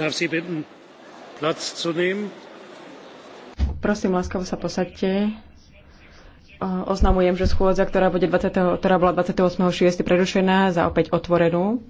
Prosím, láskavo sa posaďte. Oznamujem, že schôdza, ktorá, bude 20, ktorá bola 28.6. prerušená, za opäť otvorenú.